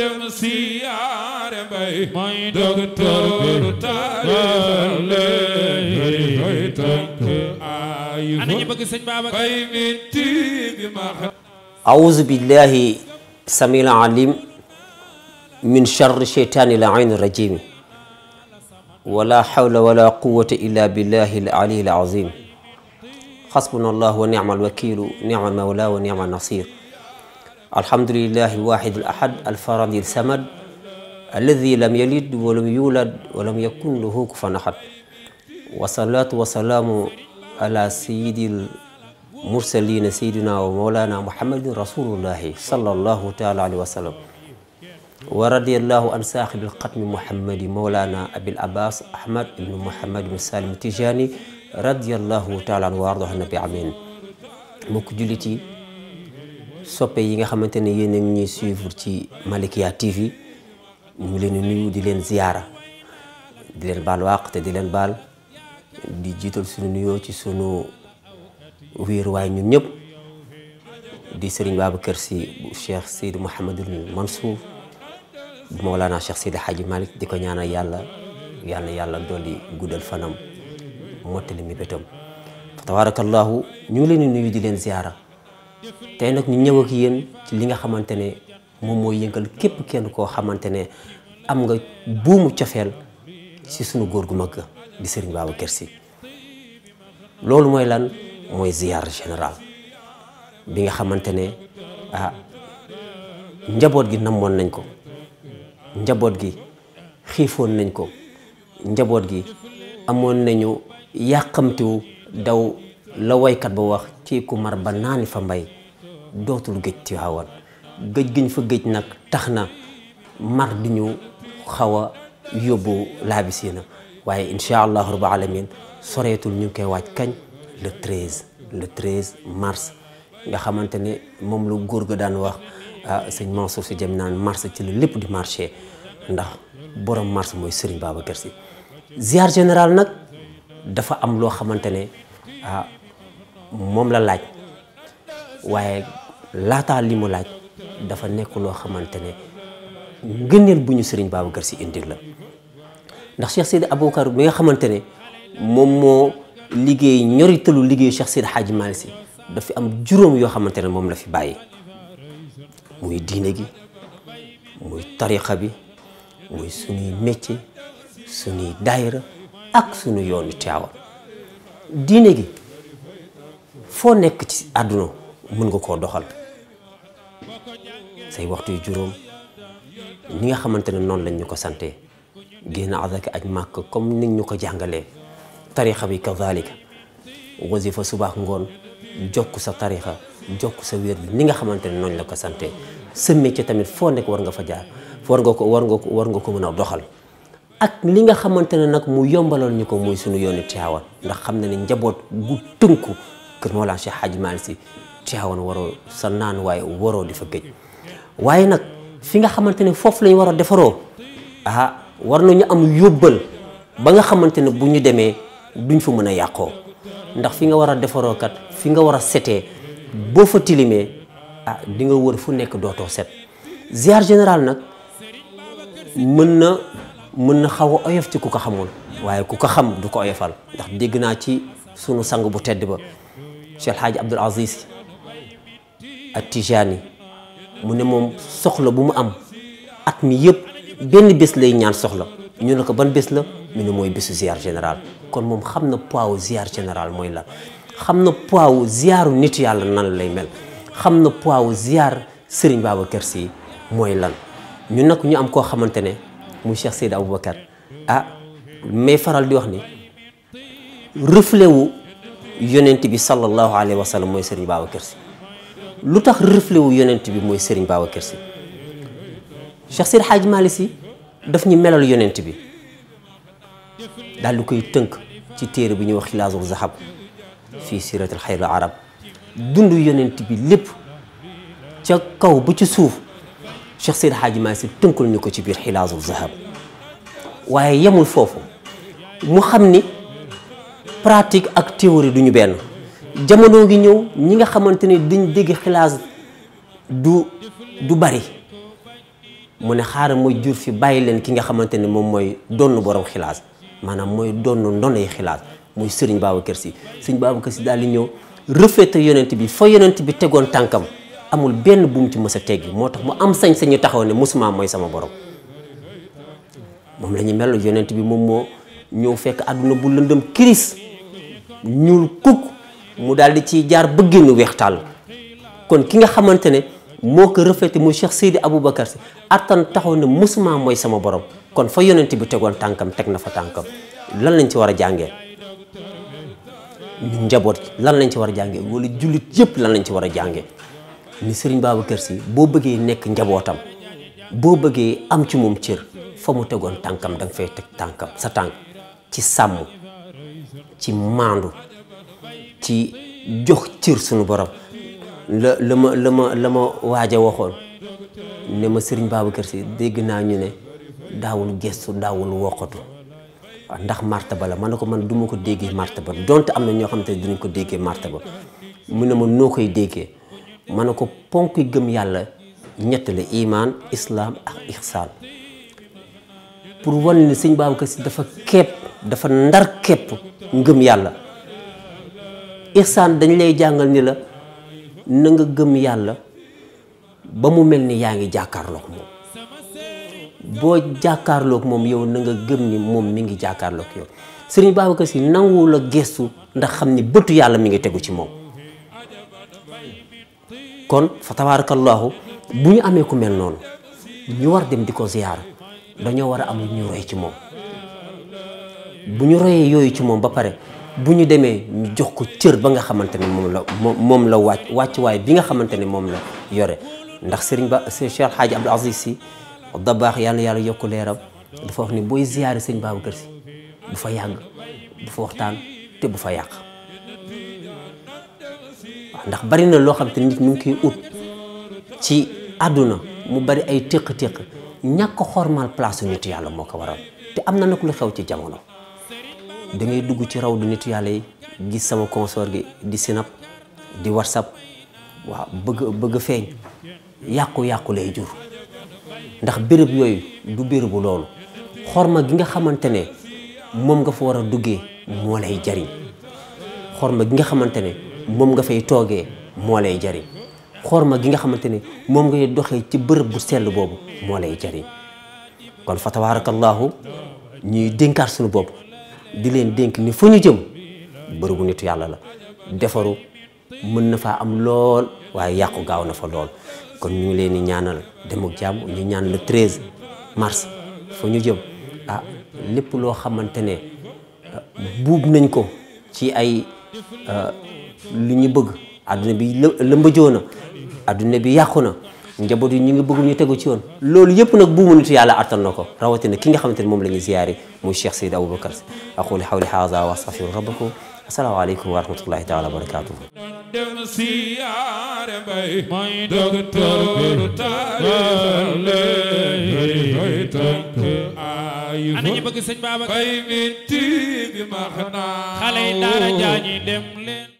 أعوذ بالله سميع العليم من شر الشيطان اللعين الرجيم ولا حول ولا قوة إلا بالله العلي العظيم حسبنا الله ونعم الوكيل نعم المولى ونعم النصير الحمد لله الواحد الأحد الفرد الثمد الذي لم يلد ولم يولد ولم يكن له كفوا أحد والصلاة والسلام على سيد المرسلين سيدنا ومولانا محمد رسول الله صلى الله تعالى عليه وسلم ورضي الله عن صاحب القتم محمد مولانا أبي العباس أحمد بن محمد بن سالم التجاني رضي الله تعالى عنه وارضاه النبي عمين مكجلتي soppe yi nga xamante ne ni a ñuy suivre ci Malikia TV ñu ngi leen di nuyu di leen ziyaara di leen baal waaq te di leen baal di jiital suñu nuyoo ci sunu wéeruwaay ñun ñëpp di Serigne Babacar Sy bu Cheikh Seydi Mouhamadul Mansour bu Mawlana Cheikh Seydi Hadji Malick di ko ñaana yàlla yàlla yàlla dolli guddal fanam mottali mi bétam fa tabarakallahu ñu ngi nuyu di leen ziyaara tey nag ñu ñëw ki yéen ci li nga xamante ne moom mooy yëngal képp kenn koo xamante ne am nga buumu cofeel ci sunu góor gu mag di Serigne Babacar Sy loolu mooy lan mooy ziar général bi nga xamante ne ah njaboot gi namoon nañ ko njaboot gi xiifoon nañ ko njaboot gi amoon nañu yàqamtiwu daw la waykat ba wax ci ku mar ba naani fa mbay dootul géej Tiwaawan géej giñ fa géej nag tax na mar di ñu xaw a yóbbu laabisi na waaye incha allahu rabi alamin soreetul ñu koy waaj kañ le 13 le 13 mars nga xamante ne moom lu góor ga daan wax ah, sëñ Mansour si jëm naan mars ci la lépp di marché ndax borom mars mooy Serigne Babacar Sy ziar général nag dafa am loo xamante ne ah, moom la laaj waaye laataa li mu laaj dafa nekk loo xamante ne ngëneel bu ñu sëriñ Babacar Sy indil la ndax Cheikh Seydi Aboubacar bi nga xamante ne moom moo liggéey ñoritalu liggéey Cheikh Seydi Hadji Malick Sy dafa am juróom yoo xamante ne moom la fi bàyyi muy diine gi muy tariqa bi muy suñuy métier suñuy daayira ak suñu yoonu Tiwaawan diine gi foo nekk ci àdduna mën nga koo doxal say waxtu yu juróom ni nga xamante ne noonu lañ ñu ko sante génn azaka ak màkk comme niñ ñu ko jàngalee tarixa bi kazalika wasifa subaax ngoon jokk sa tarixa jokk sa wér bi ni nga xamante ne noonu la ko sante sa métier tamit foo nekk war nga fa jaar war nga ko war nga ko war nga ko mën a doxal ak li nga xamante ne nag mu yombaloon ñu ko muy suñu yoonu Tiwaawan ndax xam na ne njaboot gu tënku kër Mawlana Cheikh Hadj Malick Sy Tiwaawan waroo sa naan waaye waroo di fa gëj waaye nag fi nga xamante ne foofu lañ war a defaroo ah war nañu am yóbbal ba nga xamante ne bu ñu demee duñ fa mën a yàqoo ndax fi nga war a defaroo kat fi nga war a setee boo fa tilimee ah di nga wër fu nekk dootoo set ziar général nag mën na mën na xaw a oyof ci ku ko xamul waaye ku ko xam du ko oyofal ndax dégg naa ci sunu sangu bu tedd ba Cheikh El Hadj Abdoul Aziz ak Tijani mu ne moom soxla bu mu am at mi yëpp benn bés lay ñaan soxla ñu ne ko ban bés la mu ne mooy bésu ziar général kon moom xam na poids wu ziar général mooy la xam na poids wu ziaru nit yàlla nan lay mel xam na poids wu ziar Serigne Babacar Sy mooy lan ñu nag ñu am koo xamante ne muy Cheikh Seydou Aboubacar ah mais faral di wax ni reflet wu. yonent bi sallallahu alayhi wa sallam mooy Serigne Babacar Sy lu tax reflet wu yonent bi mooy Serigne Babacar Sy Cheikh Seydi Hadj Malick Sy daf ñu melal yonent bi daal di koy tënk ci téere bi ñuy wax Xilaasul Zahab fii siratul xayril arab dund yonent bi lépp ca kaw ba ci suuf Cheikh Seydi Hadj Malick Sy tënkul ñu ko ci biir Xilaasul Zahab waaye yemul foofu mu xam ni. pratique ak théorie du ñu benn jamono ngi ñëw ñi nga xamante ne dañ dégg xilaas du du bari mu ne xaaral mooy jur fi bàyyi leen ki nga xamante ne moom mooy donn borom xilaas maanaam mooy donn ndonay xilaas muy sëriñ Babacar Sy sëriñ Babacar Sy daal di ñëw refléter yonent bi foo yonent bi tegoon tànkam amul benn bu ci mës a teggi moo tax mu am sañ-sañu taxaw ne musuma mooy sama borom moom la mel yonent bi moom moo ñëw fekk àdduna bu lëndëm kiris ñuul kukk mu daal di ciy jaar bëgginu weextaal kon ki nga xamante ne moo ko reflété muy Cheikh Seydi Aboubacar si attan taxaw ne musuma mooy sama borom kon fa yonent bi tegoon tànkam teg na fa tànkam lan lañ ci war a jàngee njaboot lan lañ ci war a jàngee wala jullit yëpp lan lañ ci war a jàngee ni Serigne Babacar si boo bëggee nekk njabootam boo bëggee am ci moom cër fa mu tegoon tànkam da fay teg tànkam sa tànk ci sàmm ci maandu ci jox cër sunu borom la la ma la ma la ma waaja waxoon ne ma sëriñ Babacar Si dégg naa ñu ne daawul gestu daawul woqatu waaw ah, ndax martaba la man ne ko man duma ma ko déggee martaba donte am na ñoo xam te ne dinañ ko déggee martaba mu ne ma noo koy déggee ma ne ko ponk gëm yàlla ñett la imaan islaam ak ixsaan pour wane ne sëñ Babacar Sy dafa kepp dafa ndar kepp ngëm yàlla ihsaan dañ lay jàngal ni la nanga nga gëm yàlla ba mu mel ni yaa ngi jàkkaarloog moom boo jàkkaarlook moom yow na nga gëm ni moom mi ngi jàkkaarloog yow sëriñ Babacar Sy nanguwul a gestu ndax xam ni bëtu yàlla mi ngi tegu ci moom kon fa tabaarakallaahu bu ñu amee ku mel noonu ñu war dem di ko ziyaara dañoo war a am lu ñu roy ci moom bu ñu royee yooyu ci moom ba pare bu ñu demee ñu jox ko cër ba nga xamante ne moom la moom la wàcc wàccuwaay bi nga xamante ne moom la yore ndax sëriñ ba Cheikh El Hadj Abdoul Aziz Sy Dabakh yàlla yàlla yokk leeram dafa wax ni booy ziyaare sëñ Babacar Sy bu fa yàgg bu fa waxtaan te bu fa yàq ndax bari na loo xam te nit ñu ngi koy ut ci àdduna mu bari ay téq-téq ñàkk xormaal place nit yàlla moo ko waral te am na nag lu xew ci jamono dangay dugg ci raw du nit yàlla yi gis sama consort gi di sinap di whatsapp waaw bëgg bëgg feeñ yàqu-yàqu lay jur ndax béréb yooyu du bérébu loolu xorma gi nga xamante ne moom nga fa war a duggee moo lay jariñ xorma gi nga xamante ne moom nga fay toogee moo lay jariñ xorma gi nga xamante ni moom ngay doxe ci bërëb bu sell boobu moo lay jariñ kon fa tabaarakallaahu ñuy dénkaat sunu bopp di leen dénk ni fa ñu jëm bërëbu nitu yàlla la defaru mën na faa am lool waaye yàqu gaaw na fa lool kon ñu ngi leen di ñaanal dem ak jàmm ñu ñaan le 13 mars fa ñu jëm ah lépp loo xamante ne ah, buub nañ ko ci ay ah, lu ñu bëgg àdduna bi lëmbajoona aduna bi yakuna njabot yi ñi ngi bëgg ñu téggu ci yoon loolu yëpp nag buumu nitu yàlla artal nako rawati na ki nga xamanteni mom lañu ziaré ñuy Cheikh Seydi Aboubacar Sy aqulu hawli haza wa astaghfiru rabbakum assalaamu aleykum wa rahmatullahi taala wa barakatuhu dem siyaare bay mooy